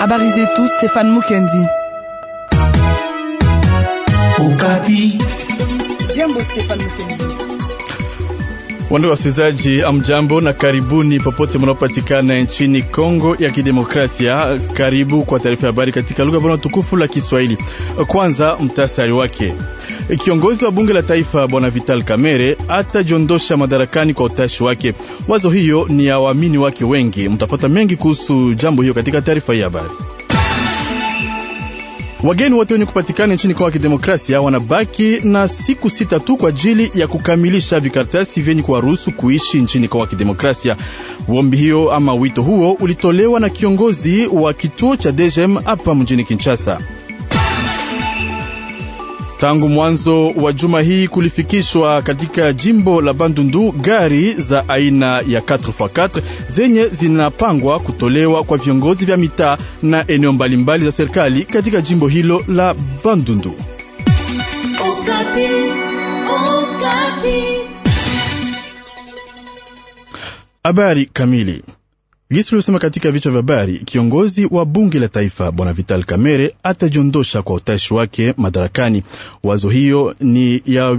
Habari zetu Stefan Mukendi. Jambo Stefan Mukendi. Wando wasikilizaji, amjambo na karibuni popote mnaopatikana nchini Kongo ya Kidemokrasia. Karibu kwa taarifa ya habari katika lugha vana tukufu la Kiswahili. Kwanza mtasari wake. Kiongozi wa bunge la taifa bwana Vital Kamerhe atajiondosha madarakani kwa utashi wake. Wazo hiyo ni ya waamini wake wengi. Mtapata mengi kuhusu jambo hiyo katika taarifa hii habari. Wageni wote wenye kupatikana nchini Kongo ya Kidemokrasia wanabaki na siku sita tu kwa ajili ya kukamilisha vikaratasi vyenye kuwaruhusu kuishi nchini Kongo ya Kidemokrasia. wombi hiyo ama wito huo ulitolewa na kiongozi wa kituo cha DGM hapa mjini Kinshasa. Tangu mwanzo wa juma hii kulifikishwa katika jimbo la Bandundu gari za aina ya 4x4 zenye zinapangwa kutolewa kwa viongozi vya mitaa na eneo mbalimbali za serikali katika jimbo hilo la Bandundu. Okapi, Okapi. Habari kamili Gisi uliosema katika vichwa vya habari, kiongozi wa bunge la taifa bwana Vital Kamerhe atajiondosha kwa utashi wake madarakani. Wazo hiyo ni ya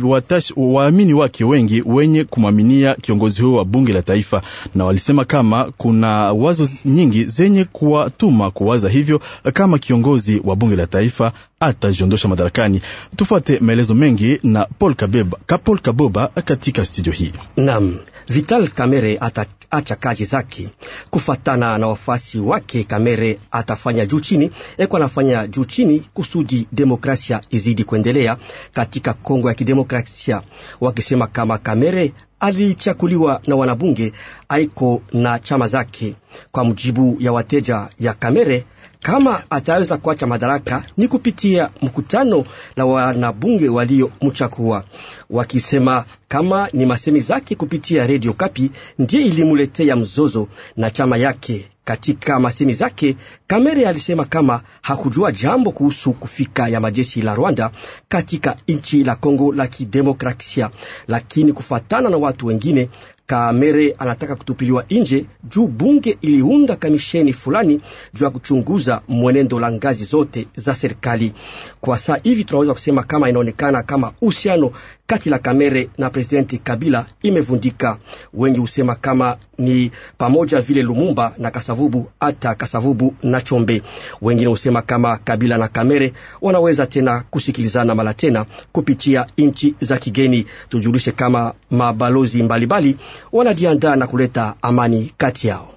waamini wake wengi wenye kumwaminia kiongozi huyo wa bunge la taifa, na walisema kama kuna wazo nyingi zenye kuwatuma kuwaza hivyo kama kiongozi wa bunge la taifa atajiondosha madarakani. Tufuate maelezo mengi na Paul Kabeba, Paul Kaboba katika studio hii. Naam, Vital Kamerhe ataacha kazi zake kufatana na wafasi wake. Kamere atafanya juu chini, eko anafanya juu chini kusudi demokrasia izidi kuendelea katika Kongo ya Kidemokrasia, wakisema kama Kamere alichakuliwa na wanabunge aiko na chama zake. Kwa mujibu ya wateja ya Kamere, kama ataweza kuacha madaraka ni kupitia mkutano la wanabunge waliomchakua wakisema kama ni masemi zake kupitia redio Kapi ndiye ilimuletea mzozo na chama yake. Katika masemi zake Kamere alisema kama hakujua jambo kuhusu kufika ya majeshi la Rwanda katika nchi la Kongo la Kidemokrasia, lakini kufatana na watu wengine Kamere anataka kutupiliwa nje juu bunge iliunda kamisheni fulani juu ya kuchunguza mwenendo la ngazi zote za serikali. Kwa saa hivi tunaweza kusema kama inaonekana kama uhusiano kati la Kamere na presidenti Kabila imevundika. Wengi husema kama ni pamoja vile Lumumba na Kasavubu, hata Kasavubu na Chombe. Wengine husema kama Kabila na Kamere wanaweza tena kusikilizana mara tena kupitia nchi za kigeni. Tujulishe kama mabalozi mbalimbali wanajiandaa na kuleta amani kati yao.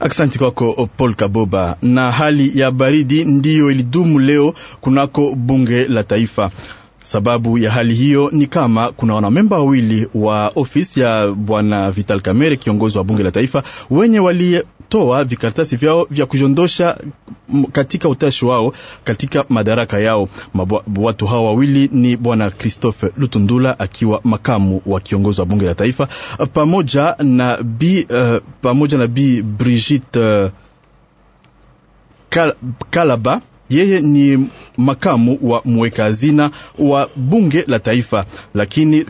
Aksanti kwako Paul Kaboba. Na hali ya baridi ndiyo ilidumu leo kunako bunge la taifa. Sababu ya hali hiyo ni kama kuna wanamemba wawili wa ofisi ya bwana Vital Kamerhe, kiongozi wa bunge la taifa, wenye walitoa vikaratasi vyao vya kujiondosha katika utashi wao katika madaraka yao. Mabu, watu hawa wawili ni bwana Christophe Lutundula akiwa makamu wa kiongozi wa bunge la taifa pamoja na bi, uh, eh, pamoja na bi Brigitte uh, Kalaba yeye ni makamu wa mweka hazina wa bunge la taifa, lakini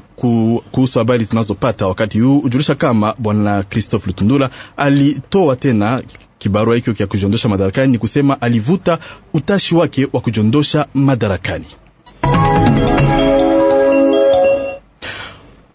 kuhusu habari tunazopata wakati huu hujulisha kama bwana Christophe Lutundula alitoa tena kibarua hicho cha kujiondosha madarakani, ni kusema alivuta utashi wake wa kujiondosha madarakani.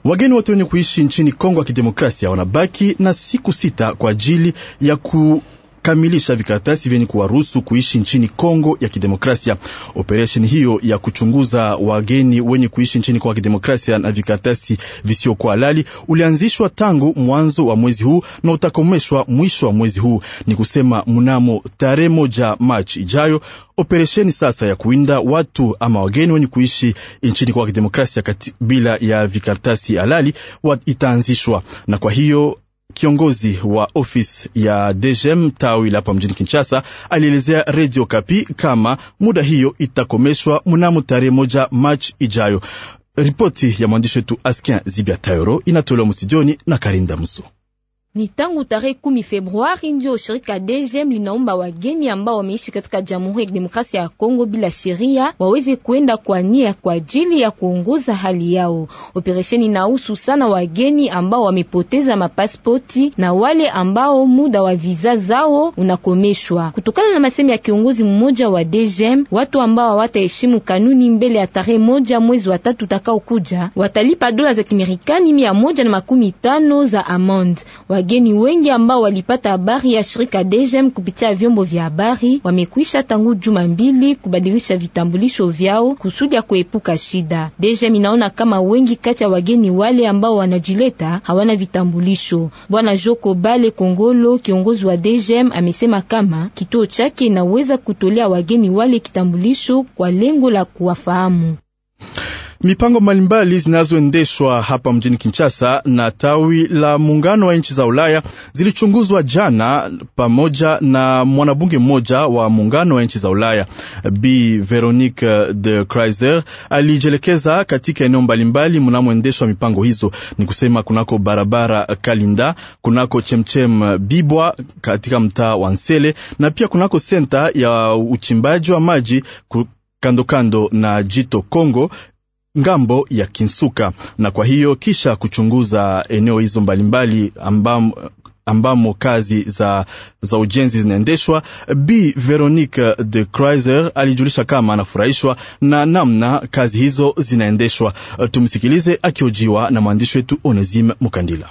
Wageni wote wenye kuishi nchini Kongo ya Kidemokrasia wanabaki na siku sita kwa ajili ya ku kamilisha vikaratasi vyenye kuwaruhusu kuishi nchini Kongo ya Kidemokrasia. Operesheni hiyo ya kuchunguza wageni wenye kuishi nchini Kongo ya Kidemokrasia na vikaratasi visiokuwa halali ulianzishwa tangu mwanzo wa mwezi huu na utakomeshwa mwisho wa mwezi huu, ni kusema mnamo tarehe moja Machi ijayo. Operesheni sasa ya kuinda watu ama wageni wenye kuishi nchini kwa kidemokrasia kati bila ya vikaratasi halali itaanzishwa, na kwa hiyo Kiongozi wa ofisi ya DGM tawi la hapa mjini Kinshasa alielezea Radio Kapi kama muda hiyo itakomeshwa mnamo tarehe moja Machi ijayo. Ripoti ya mwandishi wetu Askin Zibia Tayoro inatolewa msijoni na Karinda Muso. Ni tangu tarehe kumi Februari ndio shirika DGM linaomba wageni ambao wameishi katika Jamhuri ya Kidemokrasia ya Kongo bila sheria waweze kuenda kwa nia kwa ajili ya kuongoza hali yao. Operesheni inahusu sana wageni ambao wamepoteza mapasipoti na wale ambao muda wa viza zao unakomeshwa. Kutokana na masemi ya kiongozi mmoja wa DGM, watu ambao hawataheshimu kanuni mbele ya tarehe moja mwezi wa tatu utakao kuja watalipa dola za Kimerikani mia moja na makumi tano za amand wageni wengi ambao walipata habari ya shirika DGM kupitia vyombo vya habari wamekwisha tangu juma mbili kubadilisha vitambulisho vyao kusudi ya kuepuka shida. DGM inaona kama wengi kati ya wageni wale ambao wanajileta hawana vitambulisho. Bwana Joko Bale Kongolo, kiongozi wa DGM, amesema kama kituo chake inaweza kutolea wageni wale kitambulisho kwa lengo la kuwafahamu. Mipango mbalimbali zinazoendeshwa hapa mjini Kinshasa na tawi la muungano wa nchi za Ulaya zilichunguzwa jana pamoja na mwanabunge mmoja wa muungano wa nchi za Ulaya. Bi Veronique de Keyser alijielekeza katika eneo mbalimbali mnamoendeshwa mipango hizo, ni kusema kunako barabara Kalinda, kunako chemchem Bibwa katika mtaa wa Nsele na pia kunako senta ya uchimbaji wa maji kandokando kando na jito Kongo ngambo ya Kinsuka, na kwa hiyo kisha kuchunguza eneo hizo mbalimbali ambamo ambamo kazi za, za ujenzi zinaendeshwa. b Veronique de Cruiser alijulisha kama anafurahishwa na namna kazi hizo zinaendeshwa. Tumsikilize akiojiwa na mwandishi wetu Onesime Mukandila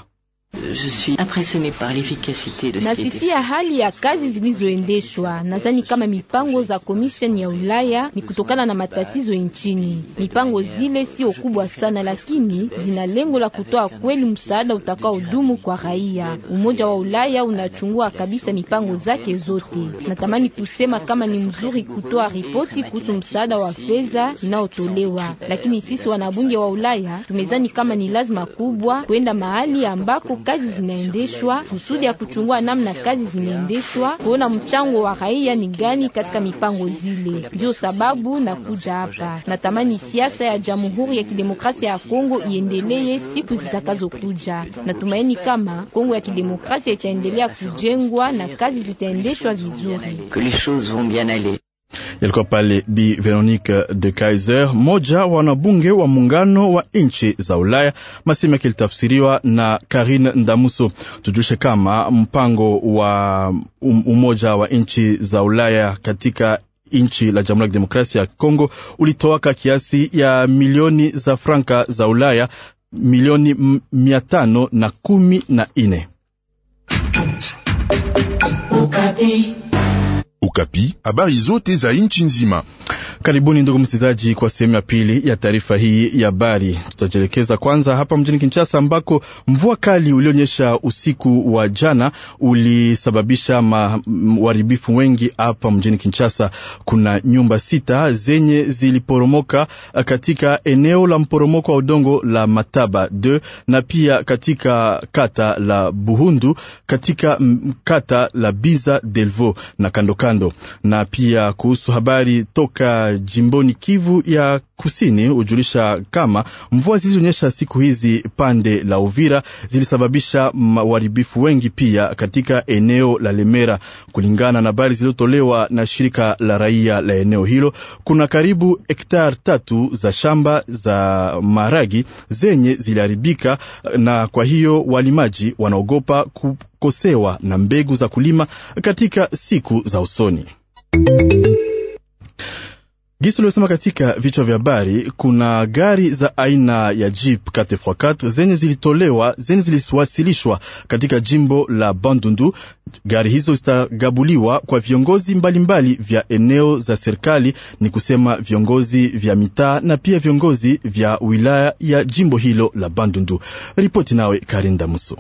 nasifia hali ya kazi zilizoendeshwa. Nadhani kama mipango za komisheni ya Ulaya ni kutokana na matatizo nchini. Mipango zile sio kubwa sana, lakini zina lengo la kutoa kweli msaada dumu kwa raia. Umoja wa Ulaya unachungua kabisa mipango zake zote. Natamani kusema kama ni mzuri kutoa ripoti kuhusu msaada wa fedha inaotolewa lakini sisi wanabunge wa Ulaya tumezani kama ni lazima kubwa kwenda mahali ambako kazi kazi zinaendeshwa, kusudi ya kuchungua namna kazi zinaendeshwa, kuona mchango wa raia ni gani katika mipango zile. Ndio sababu nakuja hapa. Natamani siasa ya Jamhuri ya Kidemokrasia ya Kongo iendelee siku zitakazokuja. Natumaini kama Kongo ya Kidemokrasia itaendelea kujengwa na kazi zitaendeshwa vizuri yalikuwa pale Bi Veronique de Kaiser, moja wanabunge wa muungano wa nchi za Ulaya, Masimu yake ilitafsiriwa na Karine Ndamuso. tujushe kama mpango wa um, umoja wa nchi za Ulaya katika nchi la Jamhuri ya Kidemokrasia ya Kongo ulitoaka kiasi ya milioni za franka za Ulaya milioni mia tano na kumi na nne Okapi habari zote za nchi nzima. Karibuni ndugu msikilizaji, kwa sehemu ya pili ya taarifa hii ya habari. Tutajielekeza kwanza hapa mjini Kinshasa, ambako mvua kali ulionyesha usiku wa jana ulisababisha uharibifu wengi hapa mjini Kinshasa. Kuna nyumba sita zenye ziliporomoka eh, katika eneo la mporomoko wa udongo la Mataba d na pia katika kata la Buhundu, katika kata la Biza Delvo na kandokando kando. Na pia kuhusu habari toka jimboni Kivu ya Kusini hujulisha kama mvua zilizonyesha siku hizi pande la Uvira zilisababisha uharibifu wengi pia katika eneo la Lemera. Kulingana na habari zilizotolewa na shirika la raia la eneo hilo, kuna karibu hektar tatu za shamba za maragi zenye ziliharibika, na kwa hiyo walimaji wanaogopa kukosewa na mbegu za kulima katika siku za usoni. Gisi lilosema katika vichwa vya habari, kuna gari za aina ya jeep 4x4 zenye zilitolewa zenye ziliwasilishwa katika jimbo la Bandundu. Gari hizo zitagabuliwa kwa viongozi mbalimbali mbali vya eneo za serikali, ni kusema viongozi vya mitaa na pia viongozi vya wilaya ya jimbo hilo la Bandundu. Ripoti nawe Karinda Muso.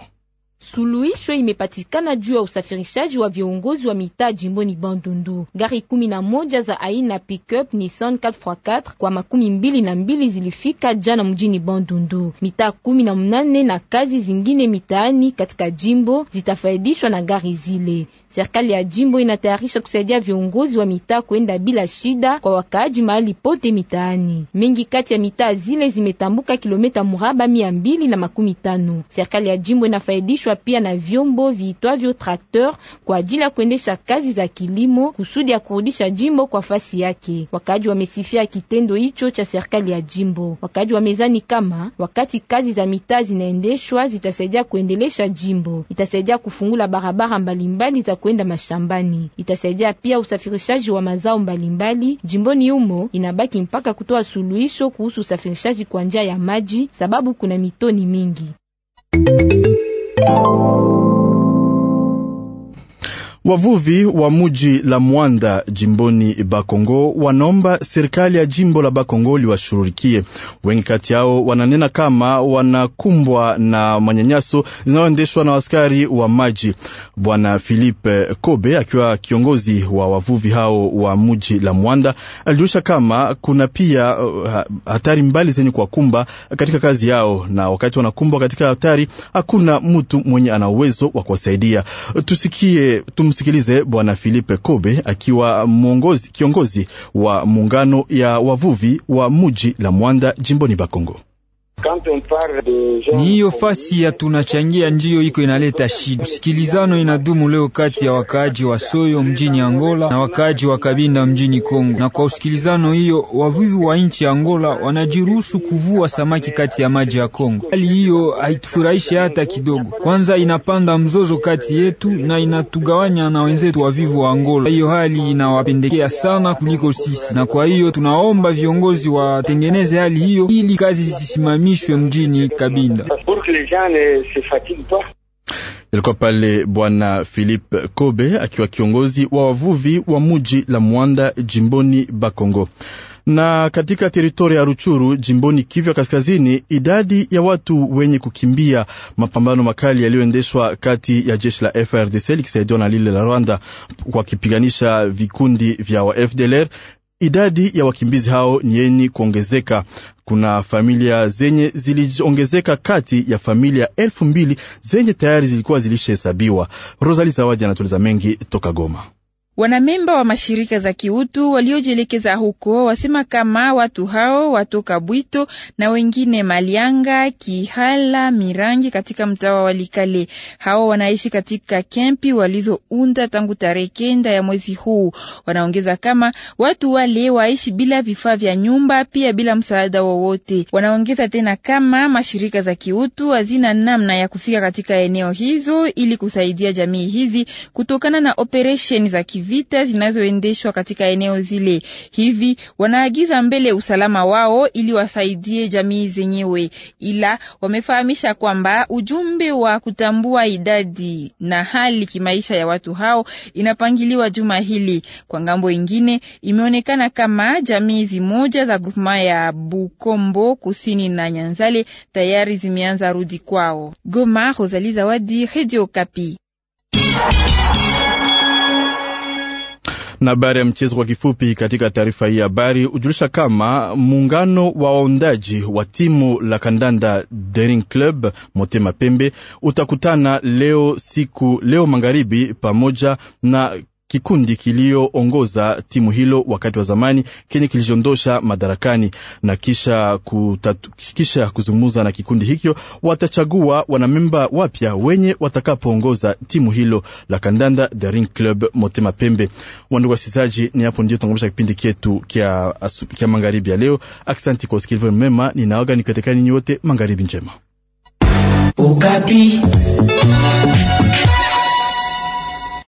Suluhisho imepatikana juu ya usafirishaji wa viongozi wa mitaa jimboni Bandundu. Gari kumi na moja za aina pickup Nissan 4x4 kwa makumi mbili na mbili zilifika jana mjini Bandundu. Mitaa kumi na mnane na kazi zingine mitaani katika jimbo zitafaidishwa na gari zile. Serikali ya jimbo inatayarisha kusaidia viongozi wa mitaa kwenda bila shida kwa wakaaji mahali pote mitaani. Mengi kati ya mitaa zile zimetambuka kilomita mraba mia mbili na makumi tano. Serikali ya jimbo inafaidishwa kuunganishwa pia na vyombo viitwavyo trakteur kwa ajili ya kuendesha kazi za kilimo kusudi ya kurudisha jimbo kwa fasi yake. Wakaji wamesifia kitendo hicho cha serikali ya jimbo. Wakaji wamezani kama wakati kazi za mitaa zinaendeshwa zitasaidia kuendelesha jimbo, itasaidia kufungula barabara mbalimbali za kwenda mashambani, itasaidia pia usafirishaji wa mazao mbalimbali jimboni humo. Inabaki mpaka kutoa suluhisho kuhusu usafirishaji kwa njia ya maji, sababu kuna mitoni mingi. うん。Wavuvi wa muji la Mwanda jimboni Bakongo wanaomba serikali ya jimbo la Bakongo liwashughulikie. Wengi kati yao wananena kama wanakumbwa na manyanyaso zinayoendeshwa na askari wa maji. Bwana philipe Kobe akiwa kiongozi wa wavuvi hao wa muji la Mwanda alijulisha kama kuna pia uh, hatari mbali zenye kuwakumba katika kazi yao, na wakati wanakumbwa katika hatari hakuna mtu mwenye ana uwezo wa kuwasaidia. Tusikie tum tumsikilize Bwana philipe Kobe akiwa mwongozi, kiongozi wa muungano ya wavuvi wa muji la Mwanda jimboni Bakongo. Ni hiyo fasi ya tunachangia ndiyo iko inaleta shida. Usikilizano inadumu leo kati ya wakaaji wa Soyo mjini Angola na wakaaji wa Kabinda mjini Kongo, na kwa usikilizano hiyo wavuvi wa nchi ya Angola wanajiruhusu kuvua samaki kati ya maji ya Kongo. Hali hiyo haitufurahishi hata kidogo, kwanza inapanda mzozo kati yetu na inatugawanya na wenzetu wavivu wa Angola. Hiyo hali inawapendekea sana kuliko sisi, na kwa hiyo tunaomba viongozi watengeneze hali hiyo ili kazi zisimamie ihamishwe mjini Kabinda. Ilikuwa pale Bwana Philip Kobe akiwa kiongozi wa wavuvi wa muji la Mwanda jimboni Bakongo na katika teritoria ya Ruchuru jimboni Kivu ya Kaskazini, idadi ya watu wenye kukimbia mapambano makali yaliyoendeshwa kati ya jeshi la FRDC likisaidiwa na lile la Rwanda kwa kipiganisha vikundi vya wa FDLR Idadi ya wakimbizi hao ni yenye kuongezeka. Kuna familia zenye ziliongezeka kati ya familia elfu mbili zenye tayari zilikuwa zilishahesabiwa. Rosali Zawadi anatueleza mengi toka Goma. Wanamemba wa mashirika za kiutu waliojielekeza huko wasema kama watu hao watoka Bwito na wengine Malianga, Kihala, Mirangi katika mtaa wa Walikale. Hao wanaishi katika kempi walizounda tangu tarehe kenda ya mwezi huu. Wanaongeza kama watu wale waishi bila vifaa vya nyumba, pia bila msaada wowote. Wanaongeza tena kama mashirika za kiutu hazina namna ya kufika katika eneo hizo ili kusaidia jamii hizi kutokana na operesheni za kiutu kivita zinazoendeshwa katika eneo zile. Hivi wanaagiza mbele usalama wao ili wasaidie jamii zenyewe, ila wamefahamisha kwamba ujumbe wa kutambua idadi na hali kimaisha ya watu hao inapangiliwa juma hili. Kwa ngambo ingine, imeonekana kama jamii zimoja za grupema ya Bukombo kusini na Nyanzale tayari zimeanza rudi kwao. Goma, Rosalie Zawadi, Radio Kapi. na habari ya mchezo kwa kifupi. Katika taarifa hii habari hujulisha kama muungano wa waundaji wa timu la kandanda Daring Club Motema Pembe utakutana leo siku leo magharibi pamoja na kikundi kilioongoza timu hilo wakati wa zamani kenye kilichondosha madarakani, na kisha, kutatu, kisha kuzungumza na kikundi hikyo watachagua wanamemba wapya wenye watakapoongoza timu hilo la kandanda Daring Club Motema Pembe. Wandugu wasikilizaji, ni hapo ndio tunakomesha kipindi chetu kya, kya magharibi ya leo. Aksanti kwa usikilivu mema, ninawaga nikatekani ninyi wote magharibi njema. Ukapi.